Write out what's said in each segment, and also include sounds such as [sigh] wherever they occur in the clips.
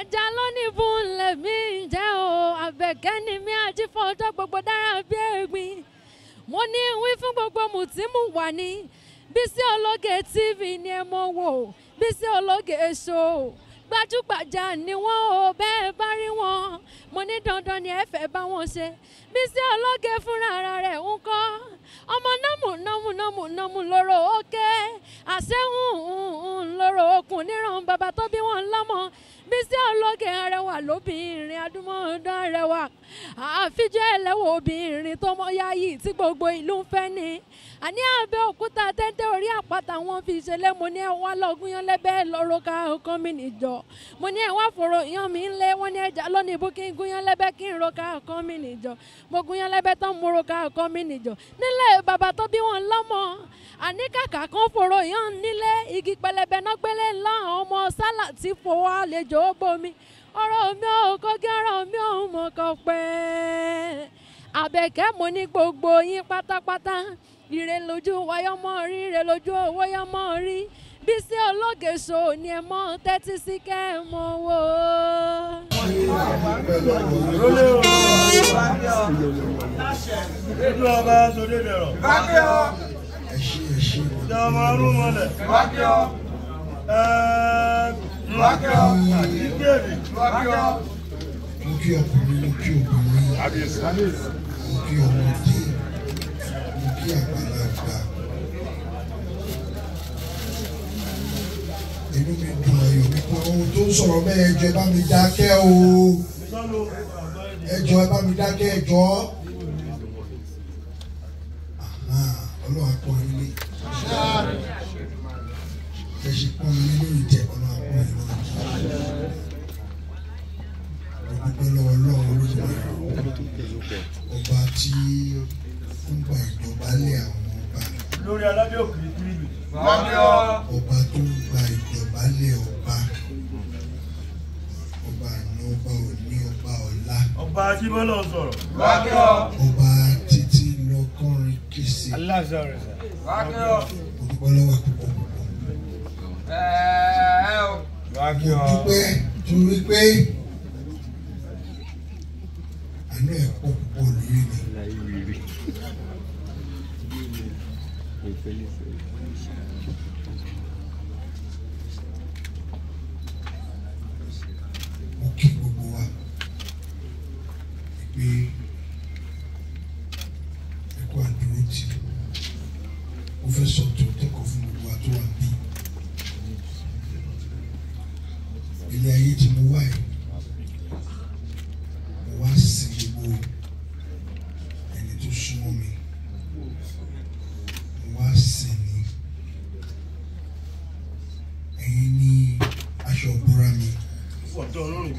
ẹja lónìí fún lẹ́mí jẹ́ o àbẹ̀kẹ́ ni mí àjífọ́jọ́ gbogbo dára bí ẹ̀gbin mo ní wí fún gbogbo mùtímù wà ní Bísí Ológe TV ni ẹ mọ̀ wò Bísí Ológe èso gbajúgbajà ni wọ́n o bẹ́ẹ̀ bá rí wọn mo ní dandan ni ẹ fẹ́ bá wọn ṣe Bísí Ológe fúnra ara rẹ̀ ń kọ́ ọmọ nọ́mù nọ́mù nọ́mù nọ́mù lóró òkè àṣẹ ń ń ń lóró okùn níran bàbá tó bí wọn lọ́mọ Bísí Ológe arẹwà lóbìnrin adúmọ̀ọ́dán arẹwà àfijẹ́ ẹlẹ́wọ̀n obìnrin tó mọ́ yáyì tí gbogbo ìlú ń fẹ́ ni àní Abẹ́òkúta tẹ́tẹ́ orí àpáta wọn fi ṣẹlẹ̀ mo ní ẹ wá lọ́gùn yán lẹ́bẹ̀ lọ́rọ́ ká ọkàn mi nìjọ mo ní ẹ wá fòrò yan mi ńlẹ̀ wọ́n ní ẹja lọ́nà ibú kí n gún yán lẹ́bẹ̀ kí n ro ká ọkàn mi nìjọ mo gún yán lẹ́bẹ̀ tán mo ro ká ọkàn mi nìjọ nílẹ̀ bàbá tó bí wọn lọ́mọ àní kàkà kan fòrò yan nílé igi pẹlẹbẹ náà gbélé ńlá ọmọ sálà ti fowó àlejò ó bomi ọ̀rọ̀ mi ò kọ́gí ọ̀rọ̀ mi ò mọ̀ kọ́ pẹ́. àbẹ̀kẹ́ mo ní gbogbo yín pátápátá ire lójú wáyọ́mọ́ rí ire lójú owó yọ́mọ́ rí bí sí ológe so ni ẹ mọ tẹ́tí sí kẹ́ ẹ mọ wò. ètò ẹ ṣe ẹ ṣe. ìjọba arúmọlẹ mo kí ọkùnrin mo kí obìnrin mo kí ọmọdé mo kí àgbàlagbà inú mi dùn ayọ̀ nípa ohun tó ń sọ̀rọ̀ bẹ́ẹ̀ ẹjọ́ ẹ bá mi dákẹ́ o ẹjọ́ ẹ bá mi dákẹ́ ẹjọ́. tí ń gba ìjọba lé àwọn ọba. lórí aládé òkèlè tìrìbì. ọba tó ń gba ìjọba lé ọba ọba àná ọba òní ọba ọ̀la. ọba ajíbọ́lá sọ̀rọ̀. ọba títí lọ kọrin kìsì. aláṣọ rẹ̀ sọ. olùkọ́ lọ́wọ́ púpọ̀ púpọ̀. mo dúpẹ́ torí pé àná ẹ̀kọ́ púpọ̀ lórí mi. Фелиция.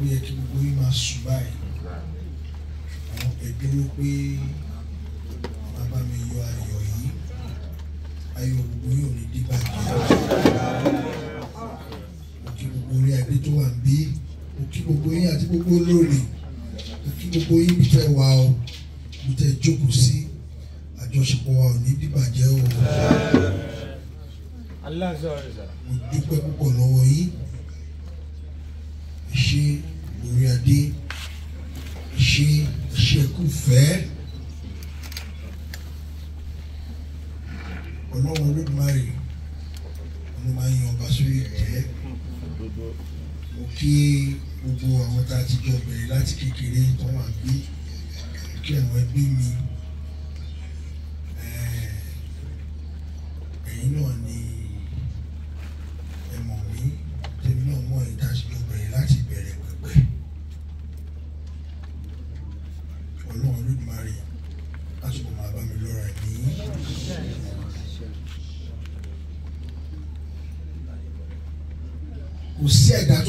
ó yẹ kí gbogbo yín máa sùn báyìí àwọn ẹbí ní pé bàbá mi yọ ayọ̀ yìí ayọ̀ gbogbo yín ò ní dé bàjẹ́ ó kí gbogbo orí adé tó wà ń bí ó kí gbogbo yín àti gbogbo olóore ó kí gbogbo yín bí tẹ́ wà ó bí tẹ́ jókòó sí àjọṣepọ̀ wa ò ní dé bàjẹ́ o. mo dúpẹ́ púpọ̀ olólùfẹ́ ọlọ́run olódùmarè mo máa yan ọba sórí ẹ̀jẹ̀ mo kí gbogbo àwọn tá a ti jọ bẹ̀rẹ̀ láti kékeré tó wà bí kí àwọn ẹbí mi.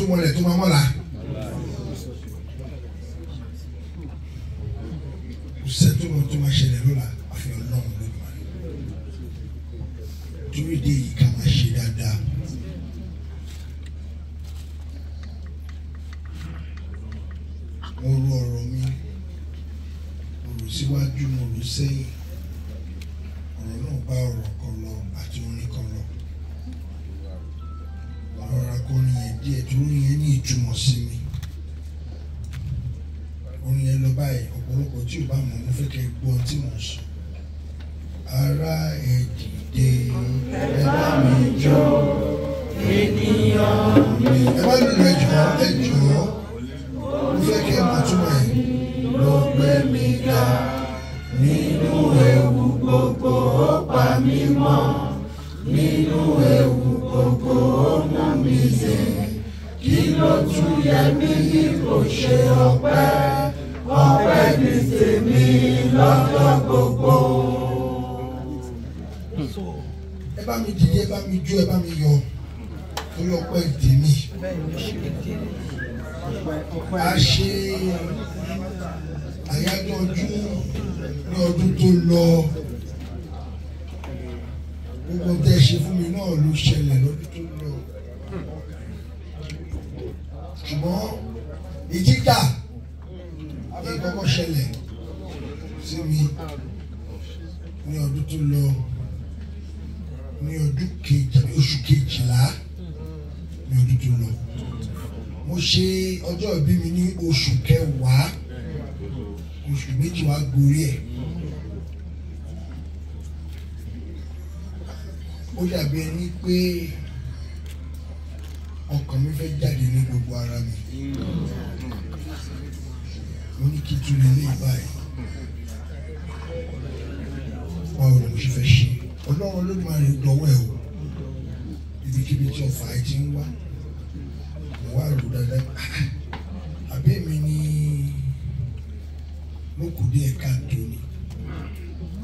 túmọ̀ rẹ̀ tó máa mọ́ra. kò sẹ́tò lọ tó máa ṣẹlẹ̀ lọ́la àfihàn náà lójúmọ́. torí de yìí ká di ẹ̀dùn orin yẹn ní ìjùmọ̀ sí mi orin yẹn lọ báyìí ọ̀pọ̀lọpọ̀ tí o bá mọ̀ mo fẹ́ kẹ́ gbọ́ tí mo ń sọ. ara ẹ̀ ẹ bá mi jó ènìyàn mi. ẹ bá lùlù ẹ jọ ẹ mo fẹ́ kẹ́ mọ̀ túmọ̀ ẹ̀. ló gbé mi ga nínú ewu gbogbo ó pa mí mọ́ nínú ewu gbogbo ó mú mi zèé kí ló tún yẹ mí bí kò ṣe ọpẹ́ ọpẹ́ ní tèmi lọ́jọ́ gbogbo. ẹ bá mi dìde ẹ bá mi jó ẹ bá mi yọ̀ torí ọpẹ́ tèmi a ṣe àyájọ́ ọdún ní ọdún tó lọ gbogbo tẹ́ ṣe fún mi náà ló ṣẹlẹ̀ lọ́dún tó lọ ṣùgbọ́n ìjíjà ìkọ́kọ́ ṣẹlẹ̀ sí mi ní ọdún tó lọ ní ọdún kejì oṣù kejìlá ní ọdún tó lọ mo ṣe ọjọ́ ìbí mi ní oṣù kẹwàá oṣù méjì wá gorí ẹ̀ ó dàbí ẹni pé ọkàn mi fẹ́ jáde ní gbogbo ara mi mo ní kí n tún lè ní ìbáyìí báwo ni mo ṣe fẹ́ ṣe ọlọ́run olódùmarè dọwọ́ ẹ̀ o ibikíbi tí ọfà ẹ ti ń wá mo wá rò dáadáa [clears throat] àbí mi ní mo kù díẹ̀ káàtó ni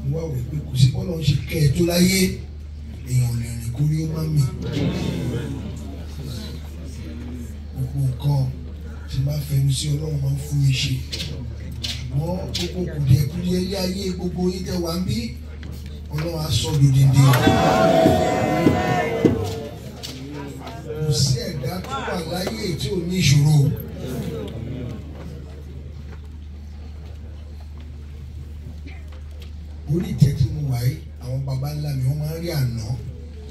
mo wá wò pé kò sí bọ́lá ń ṣe kẹ́ ẹ tó láyé èèyàn lè rìn kórí ó má mì nǹkan tí máa fẹnu sí ọlọ́run máa ń fún mi ṣe ṣùgbọ́n gbogbo kùdìẹ̀kùdìẹ̀ ilé ayé gbogbo yín tẹ́ wà ń bí ọlọ́run á sọ lódìdí. kò sí ẹ̀dá tó wà láyé tí ò ní ìṣòro. orí ìtẹ́ tí mo wà yìí àwọn baba ńlá mi wọ́n máa ń rí àná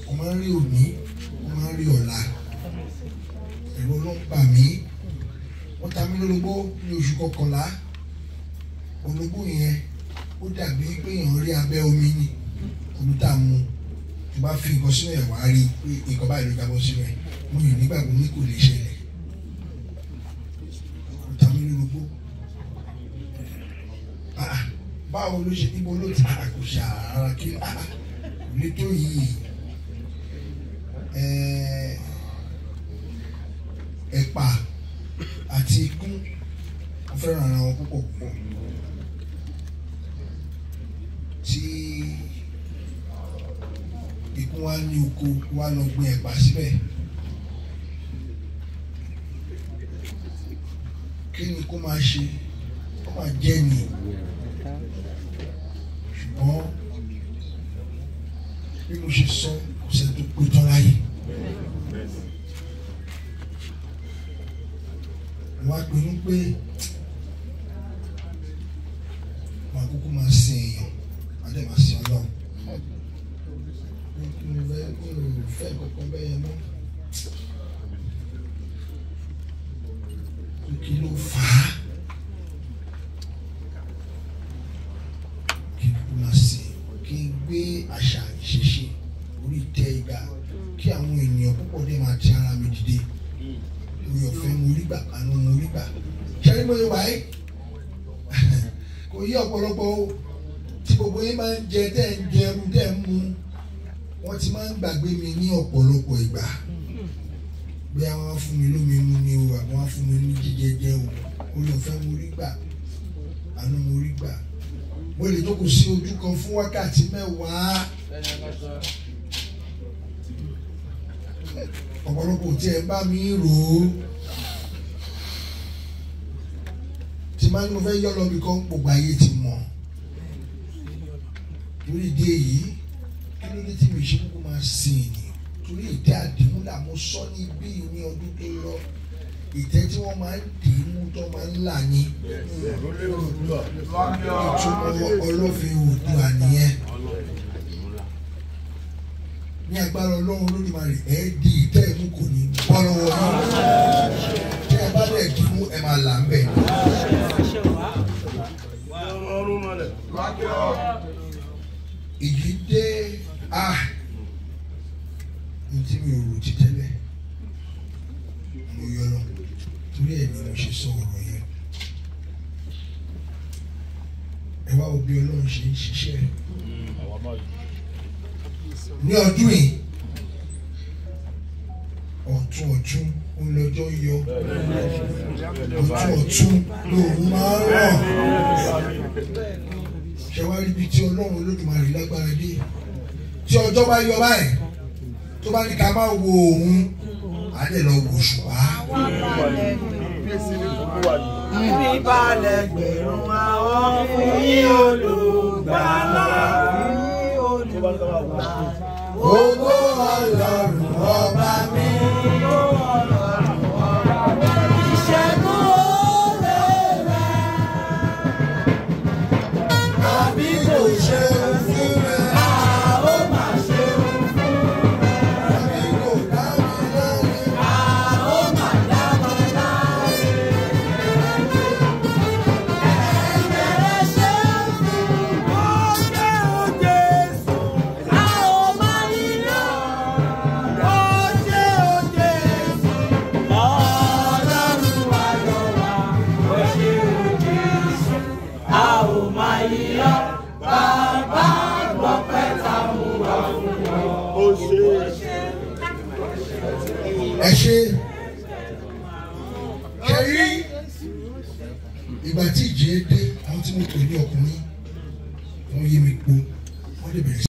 wọ́n máa ń rí òní wọ́n máa ń rí ọ̀la. lórógbó ní oṣù kọkànlá orógbó yẹn ó dàbí pé èèyàn rí abẹ́ omi ni olùtà mu tó bá fi nǹkan sínú ẹ̀ wá rí pé nǹkan báyìí ló jábọ́ sínú ẹ̀ mo yàn nígbàgbọ́ ní kò lè ṣẹlẹ̀ olùtà mi lórógbó báwo ló ṣe níbo ló ti àkùṣà ara kí ah, kò lè tó yìí ẹ̀ẹ́d ẹ̀pà àti igún wọ́n fẹ́ràn ara wọn púpọ̀ púpọ̀ tí igún wa ní oko wa lọ gbin ẹ̀pà síbẹ̀ kí ni kó máa ṣe kó máa jẹ́ ni ṣùgbọ́n bí mo ṣe sọ kò sẹ́ni tó pé tán láyé. gbàgbé pé ọ̀pọ̀lọpọ̀ tí gbogbo yín máa ń jẹ tẹ́ ń jẹrú tẹ́ ń mu wọ́n ti máa ń gbàgbé mi ní ọ̀pọ̀lọpọ̀ ìgbà bí àwọn fún mi lómi mu ni o àwọn fún mi ní jíjẹ jẹ o olùfẹ́ mo rí gbà àánú mo rí gbà mo lè jókòó sí ojú kan fún wákàtí mẹ́wàá ọ̀pọ̀lọpọ̀ tí ẹ bá mi rò ó. máa ń mo fẹ́ yọ lọ bí kan gbogbo ayé ti mọ̀ lórí ìdí èyí kí ló dé tí mi ṣe kúkú máa sin ènìyàn torí ìtẹ́ àdìmú mo sọ ní bí ní ọdún tó lọ ìtẹ́ tí wọ́n máa ń dìímú tó máa ń là ní ìtumọ̀ ọlọ́fin òdua nìyẹn ní agbára ọlọ́run Olódùmarè ẹ di ìtẹ́ ìmú kò ní bọ́ lọ́wọ́ yìí tẹ́ ẹ bá bẹ̀ dìímú ẹ máa là ń bẹ̀. bí Ọlọ́run ṣe ń ṣiṣẹ́ hmm, ní ọdún yìí ọ̀tún ọ̀tún olọ́jọ́ yọ ọ̀tún ọ̀tún lòun máa ń rọ̀ ṣe wá ríbi tí Ọlọ́run Olódùmarè lágbára dé tí ọjọ́ bá yọ báyìí tó bá ní ká máa wo òun á lè lọ wò ṣùgbọ́n kábíyèsí ní olúwa ni. Ibi balẹ̀ gbẹ̀rún àwọn fún yí olùgbàlà fún yí ọlọ́run ọba mi.